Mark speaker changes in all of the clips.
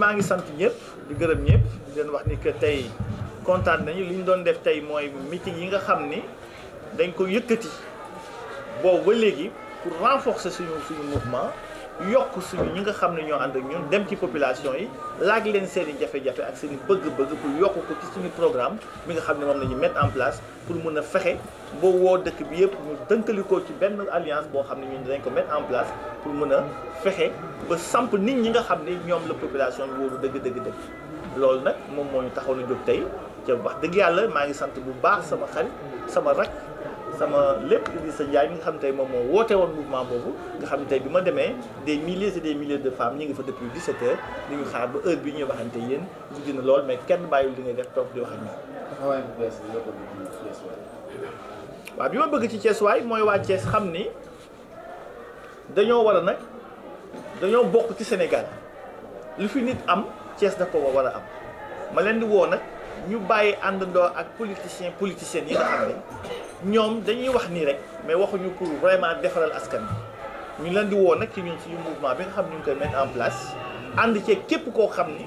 Speaker 1: maa ngi sant ñëpp di gërëm ñëpp du leen wax ni que tey kontaan nañu li ñu doon def tey mooy meeting yi nga xam ni dañ ko yëkkati boobu ba léegi pour renforcer suñu suñu mouvement yokk suñu ñi nga xam ne ñoo ànd ak ñun dem ci population yi laaj leen seen i jafe-jafe ak seen i bëgg-bëgg pour yokk ko ci suñu programme mi nga xam ne moom la ñu en place pour mun a fexe boo woo dëkk bi yëpp ñu dënkali ci benn alliance boo xam ne ñun dinañ ko mettre en place pour mun a fexe ba samp nit ñi nga xam ne ñoom la population yi wóolu dëgg dëgg dëgg loolu nag moom moo ñu taxaw na jóg tey ca wax dëgg yàlla maa ngi sant bu baax sama xarit sama rak sama lépp Idrissa Ndiaye mi nga xam tey moom moo woote woon mouvement boobu nga xam tey bi ma demee des milliers et des milliers de femmes ñi ngi fa depuis 17 heures ñu ngi xaar ba heure bi ñuy waxante yéen guddi na lool mais kenn bàyyiwul li ngay def toog di wax ak ñoom. waaw bi ma bëgg ci Thiès waay mooy waa Thiès xam ni dañoo war a nag dañoo bokk ci Sénégal lu fi nit am Thiès da ko war a am ma leen di woo nag ñu bàyyi àndandoo ak politiciens politiciennes yi nga xam ne. ñoom dañuy wax nii rek mais waxuñu pour vraiment defaral askan bi ñu leen di woo nag ci ñun suñu mouvement bi nga xam ñu koy mettre en place ànd ci képp koo xam ni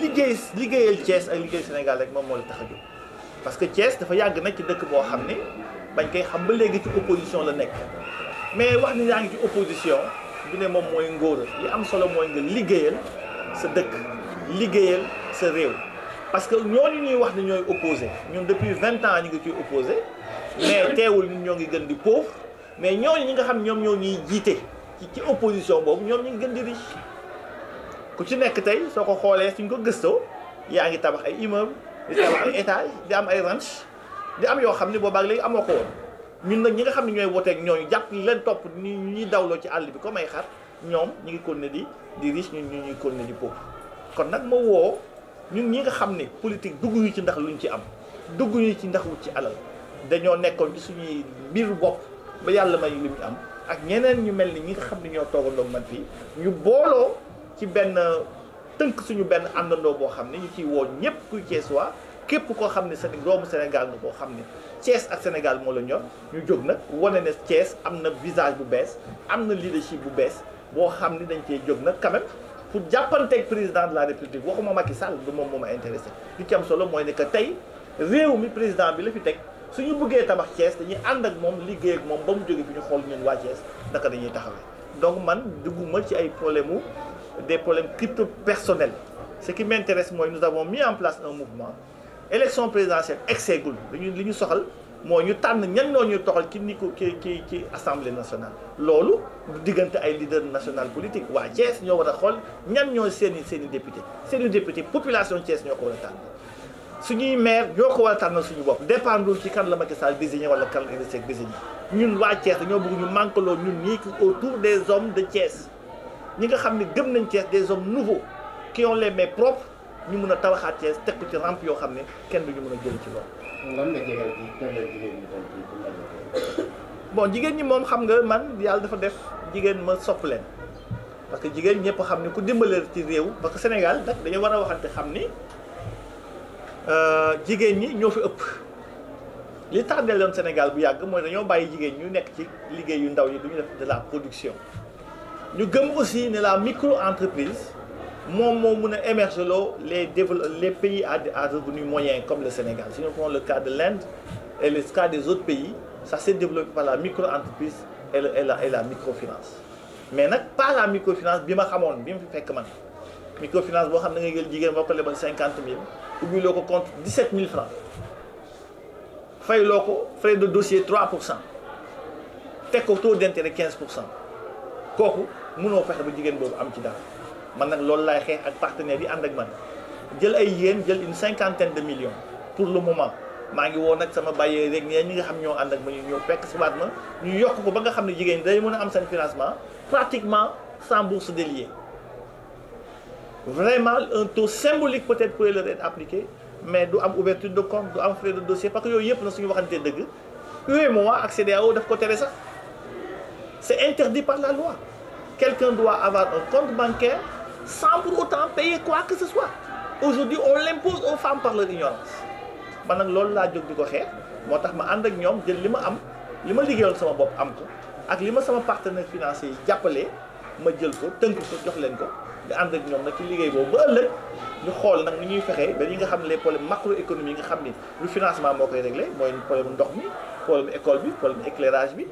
Speaker 1: liggéey liggéeyal cees ak liggéey Sénégal rek moom moo la tax a jóg parce que cees dafa yàgg nag ci dëkk boo xam ni bañ koy xam ba léegi ci opposition la nekk mais wax ni yaa ngi ci opposition du ne moom mooy ngóor li am solo mooy nga liggéeyal sa dëkk liggéeyal sa réew parce que ñooñu ñuy wax ni ñooy opposé ñun depuis vingt ans ñu ngi koy opposé mais teewul ñun ñoo ngi gën di pauvre mais ñooñu ñi nga xam ñoom ñoo ñuy jiite ci ci opposition boobu ñoom ñu ngi gën di riche ku ci nekk tey soo ko xoolee suñ ko gëstoo yaa ngi tabax ay immeuble di tabax ay étage di am ay ranch di am yoo xam ne boobaag lay amoo ko woon ñun nag ñi nga xam ne ñooy ñoo ñooñu jàpp leen topp ni ñuy dawloo ci àll bi comme ay xar ñoom ñu ngi continuer di di riche ñu ñuy continuer di pauvre kon nag ma ñun ñi nga xam ne politique dugguñu ci ndax lu ñu ci am dugguñu ci ndax wut ci alal dañoo nekkoon ci suñuy mbir bopp ba yàlla may lu ñu am ak ñeneen ñu mel ni ñi nga xam ne ñoo toogandoo man fii ñu booloo ci benn tënk suñu benn àndandoo boo xam ne ñu ciy woon ñëpp kuy Cees waa képp koo xam ne sa doomu Sénégal nga koo xam ni Thiès ak Sénégal moo la ñor ñu jóg nag wane ne Thiès am na visage bu bees am na leadership bu bees boo xam ne dañ cee jóg nag quand pour jàppanteeg président de la république waxuma Macky Sall du moom moo ma intéressé li ci am solo mooy ne que tey réew mi président bi la fi teg suñu bëggee tabax Thiès dañuy ànd ak moom liggéey ak moom ba mu jóge fi ñu xool ñun waa Thiès naka dañuy taxawee donc man dugguma ci ay problème wu des problèmes crypto personnels ce qui m'intéresse mooy nous avons mis en place un mouvement élection présidentielle egseegul dañu li ñu soxal moo ñu tànn ñan ñoo ñuy toxal ci ni ko ci ci ci assemblée nationale loolu diggante ay leader national politique waa Thiès ñoo war a xool ñan ñoo seeni seeni député seeni député population Thiès ñoo ko war a tànn suñuy maire ñoo ko war suñu bopp dépendre ci kan la Macky Sall désigné wala kan la Idrissa Seck désigné ñun waa Thiès ñoo bëgg ñu manqueloo ñun ñii autour des hommes de Thiès ñi nga xam ni gëm nañ Thiès des hommes nouveaux qui ont les mains propres ñu mun a tabaxaat Thiès teg ko yoo xam ne kenn du ñu a jël ci loolu lan la bon jigéen ñi moom xam nga man yàlla dafa def jigéen ma sopp leen parce que jigéen ñëpp xam ne ku dimbale ci réew parce que Sénégal nag dañu war a waxante xam ni euh, jigéen ñi ñoo fi ëpp. li tax delloon Sénégal bu yàgg mooy dañoo bàyyi jigéen ñu nekk ci liggéey yu ndaw yi du def de la production ñu gëm aussi ne la micro entreprise. moom moo mun a émerger loo les le pays à à revenu moyen comme le Sénégal si nous prenons le cas de l'Inde et le cas des autres pays ça s'est développé par la micro-entreprise et la et la, microfinance mais nag pas la microfinance bi ma xamoon bi ma fekk man microfinance boo xam ne da ngay jël jigéen boo ko lebal cinquante mille ubbi loo ko compte dix-sept mille francs loo ko frais de dossier trois pour cent teg ko taux quinze pour cent kooku mënoo fexe ba jigéen boobu am ci dara. man nag loolu laay xeex ak partenaires yi ànd ak man jël ay yéen jël une cinquantaine de millions pour le moment maa ngi woo nag sama bàyyee rek ñeen ñi nga xam ñoo ànd ak ma ñu ñëw fekk subaat ma ñu yokk ko ba nga xam ne jigéen ñi day mën a am seen financement pratiquement sans bourse déliée vraiment un tout symbolique peut-être pourrait leur être appliqué mais du am ouverture de compte du am frais de dossier parce que yooyu yëpp na suñu waxantee dëgg UEMOA ak CEDEAO daf ko tere sax c'est interdit par la loi quelqu'un doit avoir un compte bancaire sans pour autant payer quoi que ce soit aujourd'hui on l'impose aux femmes par leur ignorance man nag loolu laa jóg di ko xeex moo tax ma ànd ak ñoom jël li ma am li ma liggéeyoon sama bopp am ko ak li ma sama partenaire financier yi jàppalee ma jël ko tënk ko jox leen ko di ànd ak ñoom nag ci liggéey boobu ba ëllëg ñu xool nag ni ñuy fexee ba yi nga xam ne les problèmes macroéconomiques nga xam ni lu financement moo koy réglé mooy problème ndox mi problème école bi problème éclairage bi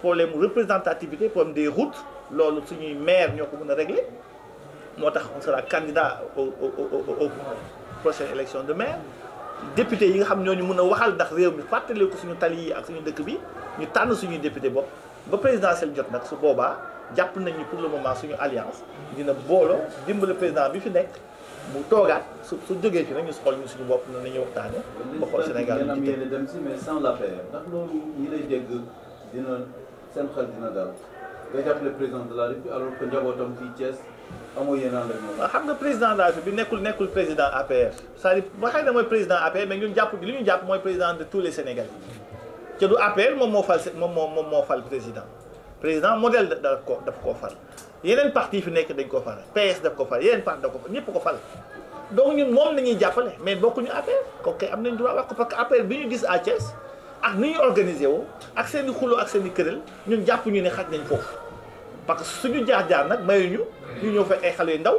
Speaker 1: problème représentativité problème des routes loolu suñuy maire ñoo ko mën a réglé moo tax on sera o o au au au prochaine élection de maire député yi nga xam ñoo ñooñu mën a waxal ndax réew mi fàttali ko suñu tali yi ak suñu dëkk bi ñu tànn suñuy député bopp ba présidentielle jot nag su boobaa jàpp nañu pour le moment suñu alliance dina booloo dimbali président bi fi nekk mu toogaat su su jógee fi nag ñu xool suñu bopp na nañu waxtaane ba xool Sénégal bi ci dem si mais sans la paix lay dégg dina seen xel dina dal nga jàppale président de la République amoo yéen ànd ak moom ah, xam nga président de bi nekkul nekkul président APR c'est-à-dire waxee na mooy président APR mais ñun jàpp li ñu jàpp mooy président de tous les Sénégalais moom moo moom moo moom moo fal président président modèle daf ko daf koo fal yeneen parti fi nekk dañ ko fal PS daf ko fal yeneen parti daf ko fal ñëpp ko fal donc ñun moom la ñuy jàppale mais bokkuñu APR kooku am nañ droit wax ko parce que bi ñu gis à Thiès ak ni ñu organisé woo ak seen i xuloo ak seen i këral ñun jàpp ñu ne xaj nañ foofu parce que su ñu jaar-jaar nag mayuñu ñu ñëw fekk ay xale yu ndaw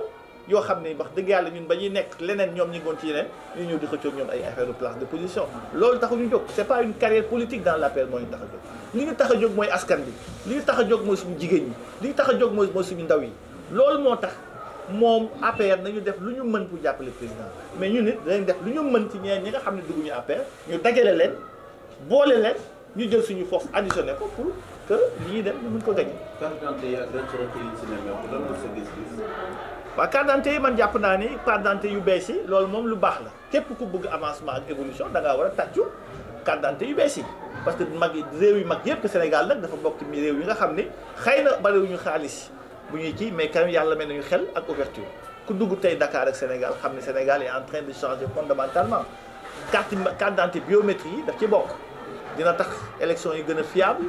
Speaker 1: yoo xam ne wax dëgg yàlla ñun ba ñuy nekk leneen ñoom ñi ngoon ci yeneen ñu ñëw di xëccoo ñoom ay affaire de place de position loolu taxu ñu jóg c'est pas une carrière politique dans l'APR moo ñu tax a jóg ñu tax a jóg mooy askan bi li ñu tax jóg mooy suñu jigéen ñi li ñu tax a jóg mooy mooy suñu ndaw yi loolu moo tax moom na ñu def lu ñu mën pour jàppale président mais ñu nit danañ def lu ñu mën ci ñeen ñi nga xam ne dugguñu APR ñu dajale leen boole leen ñu jël suñu force additionné ko pour que li ñuy def ñu mën ko gañ. carte d'identité ak waaw yi man jàpp naa ni carte yu bees yi loolu moom lu baax la képp ku bëgg avancement ak évolution da war a tàccu carte d'identité yu bees yi. parce que mag yi réew yu mag yëpp Sénégal nag dafa bokk ci réew yi nga xam ni xëy na bariwuñu xaalis bu ñuy kii mais quand yàlla mel nañu xel ak ouverture ku dugg tey ndakaar ak Sénégal xam ne Sénégal est en train de changer fondamentalement carte carte d'identité biométrie yi daf ci bokk dina tax élection yi gën a fiable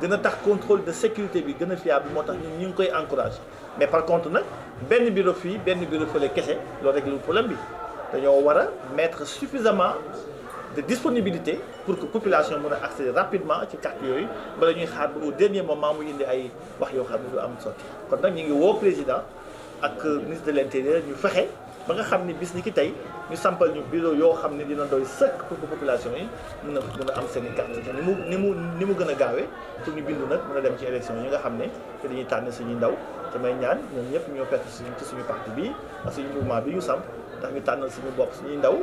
Speaker 1: gën tax contrôle de sécurité bi gën a fiable moo tax ñun ñu ngi koy encouragé mais par contre na benn bureau fii benn bureau fële kese loo rek lu problème bi dañoo war a mettre suffisamment de disponibilité pour que population mën a accéder rapidement ci carte yooyu bala ñuy xaar ba au dernier moment mu indi ay wax yoo xam ne lu am sotti kon nag ñu ngi woo président ak ministre de l' intérieur ñu fexe. ba nga xam ni bis ni ki tey ñu sampal ñu bureau yoo xam ne dina doy sëkk pour population yi mun a mën a am seen i carte ni mu ni mu ni mu gën a gaawee pour ñu bindu nag mën a dem ci élection yi nga xam ne ci la tànn suñuy ndaw te may ñaan ñoom ñëpp ñoo fekk ci suñu parti bi ak suñu mouvement bi ñu samp ndax ñu tànnal suñu bopp suñuy ndaw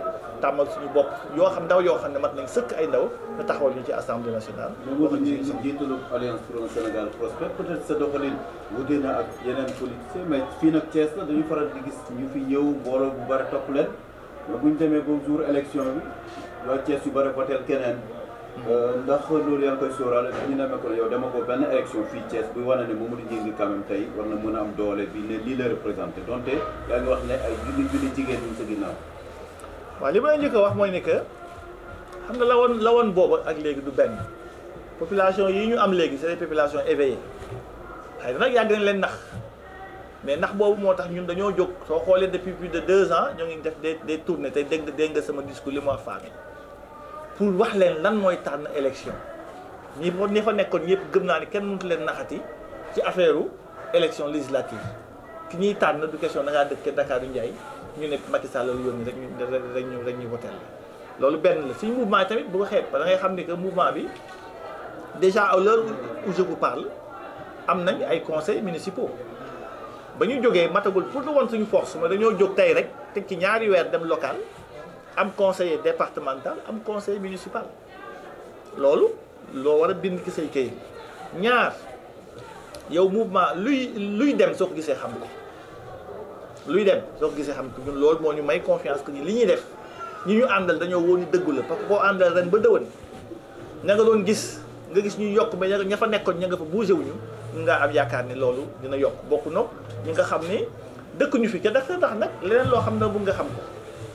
Speaker 1: tàmmal suñu bopp yoo xam ndaw yoo xam ne mat nañ sëkk ay ndaw te taxawal ñu ci assemblée nationale. ñu wax ñu jiitalu alliance pour un Sénégal prospère peut être sa doxalin wute na ak yeneen politiciens mais fii nag Thiès la dañu faral di gis ñu fi ñëw mbooloo bu bari topp leen buñ demee ba jour élection bi waa Thiès yu bari voté keneen. Euh, ndax loolu yaa ngi koy sóoraale ñu ne ma ko yow dama ko benn élection fii Thiès buy na ne Mamadou Gningue quand même tey war na mun a am doole bi ne lii la représenté donte yaa ngi wax ne ay julli julli jigéen ñi sa ginnaaw. waaw li may njëkk a wax mooy ne que xam nga la woon la woon booba ak léegi du benn population yi ñu am léegi c'est des populations éveillées xay na nag yàgg nañ leen nax mais nax boobu moo tax ñun dañoo jóg soo xoolee depuis plus de deux ans ñoo ngi def des des tournées tey dégg dégg nga sama discours li mu wax pour wax leen lan mooy tànn élection ñi fa ñi fa nekkoon ñëpp gëm naa ni kenn mënut leen naxati ci affaire élection législative ki ñuy tànn du question da ngaa dëkk Dakar Ndiaye ñu ne Macky Sall la yónni rek ñu rek ñu rek ñu woteel la. loolu benn la suñ mouvement tamit bu ko xeeb da ngay xam ne que mouvement bi déjà à l'heure où je vous parle am nañ ay conseils municipaux ba ñu jógee matagul pour lu woon suñu force ma dañoo jóg tey rek teg ci ñaari weer dem am conseiller départemental am conseil municipal loolu loo war a bind ci say këyit ñaar yow mouvement luy luy dem soo ko gisee xam ko luy dem soo ko gisee xam ko loolu moo ñu may confiance que ni li ñuy def ñu ñu àndal dañoo woon dëggu la parce que boo àndal ren ba dëwën ña nga doon gis nga gis ñuy yokk mais ña fa nekkoon ña nga fa bougé wu ñu ngaa am yaakaar ni loolu dina yokk bokk na ñi nga xam ne dëkkuñu ñu fi ca tax nag leneen loo xam ne bu nga xam ko.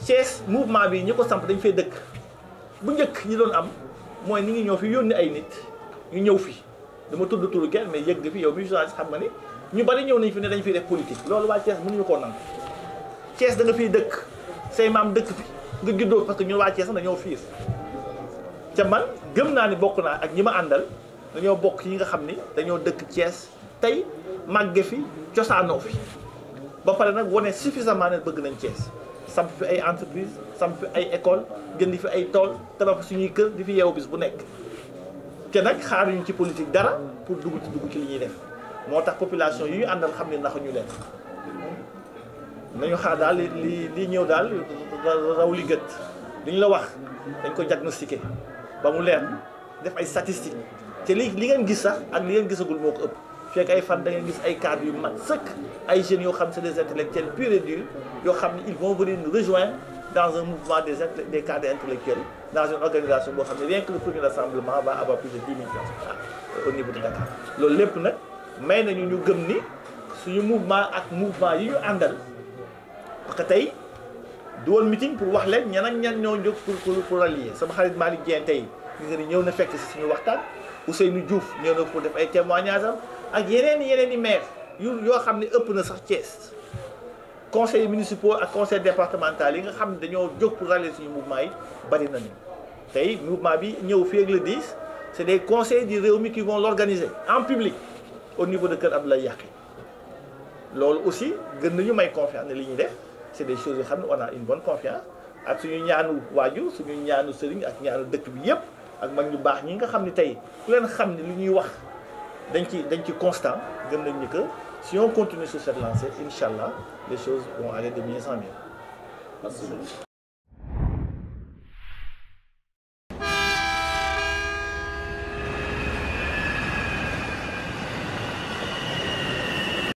Speaker 1: Thiès mouvement bi ñi ko samp dañ fee dëkk bu njëkk ñi doon am mooy ni ngi ñoo fi yónni ay nit ñu ñëw fii dama tudd turu kenn mais yëg nga fi yow mi xam nga ni ñu bari ñëw nañ fi ne dañu fiy def politique loolu waa Thiès mënuñu koo nangu Thiès da nga dëkk say maam dëkk fi nga juddoo parce que ñun waa Thiès sax dañoo fiir man gëm naa ni bokk naa ak ñi ma àndal dañoo bokk yi nga xam ni dañoo dëkk Thiès tey màgge fi cosaanoo fi ba pare nag wane suffisamment ne bëgg nañ Thiès samp fi ay entreprise samp fi ay école gën di fi ay tool tabax suñuy kër di fi yeewu bis bu nekk te nag xaaruñu ci politique dara pour dugg ci dugg ci li ñuy def moo tax population yi ñu àndal xam ne naxuñu leen nañu xaar daal li li ñëw daal raw li gët li ñu la wax dañ ko diagnostiqué ba mu leer def ay statistiques te li li ngeen gis sax ak li ngeen gisagul moo ko ëpp fekk ay fan da ngeen gis ay cadres yu mat sëkk ay jeunes yoo xam c'est des intellectuels purs et durs yoo xam ne ils vont venir nous rejoindre dans un mouvement des intellectuels dans une organisation boo xam ne rien que le premier rassemblement va plus de 10 000 personnes ah, au niveau de Dakar loolu lépp nag may nañu ñu gëm ni suñu mouvement ak mouvement yi ñu àndal parce tey du woon meeting pour wax leen ñeneen ak ñan ñoo jóg pour pour pour rallier sama xarit Malick Dieng tey na fekk si suñu waxtaan Ousseynou Diouf ñëw na pour ak yeneen yeneen i maire yu yoo xam ne ëpp na sax Thiès conseil municipaux ak conseil départemental yi nga xam ne dañoo jóg pour rallier suñu mouvement yi bari nañu tey mouvement bi ñëw fii ak le 10 c'est des conseils réew mi qui vont l'organiser en public au niveau de Kër Abdoulaye Yakhé loolu aussi gën nañu may confiance ne li ñuy def c'est des choses yoo xam ne on a une bonne confiance ak suñu ñaanu waajur suñu ñaanu sëriñ ak ñaanu dëkk bi yépp ak mag ñu baax ñi nga xam ne tey xam ne li ñuy wax dañ ci dañ ci constant gëm nañ ni que si on continue sur cette lancée incha allah les choses vont aller de mieux en mieux.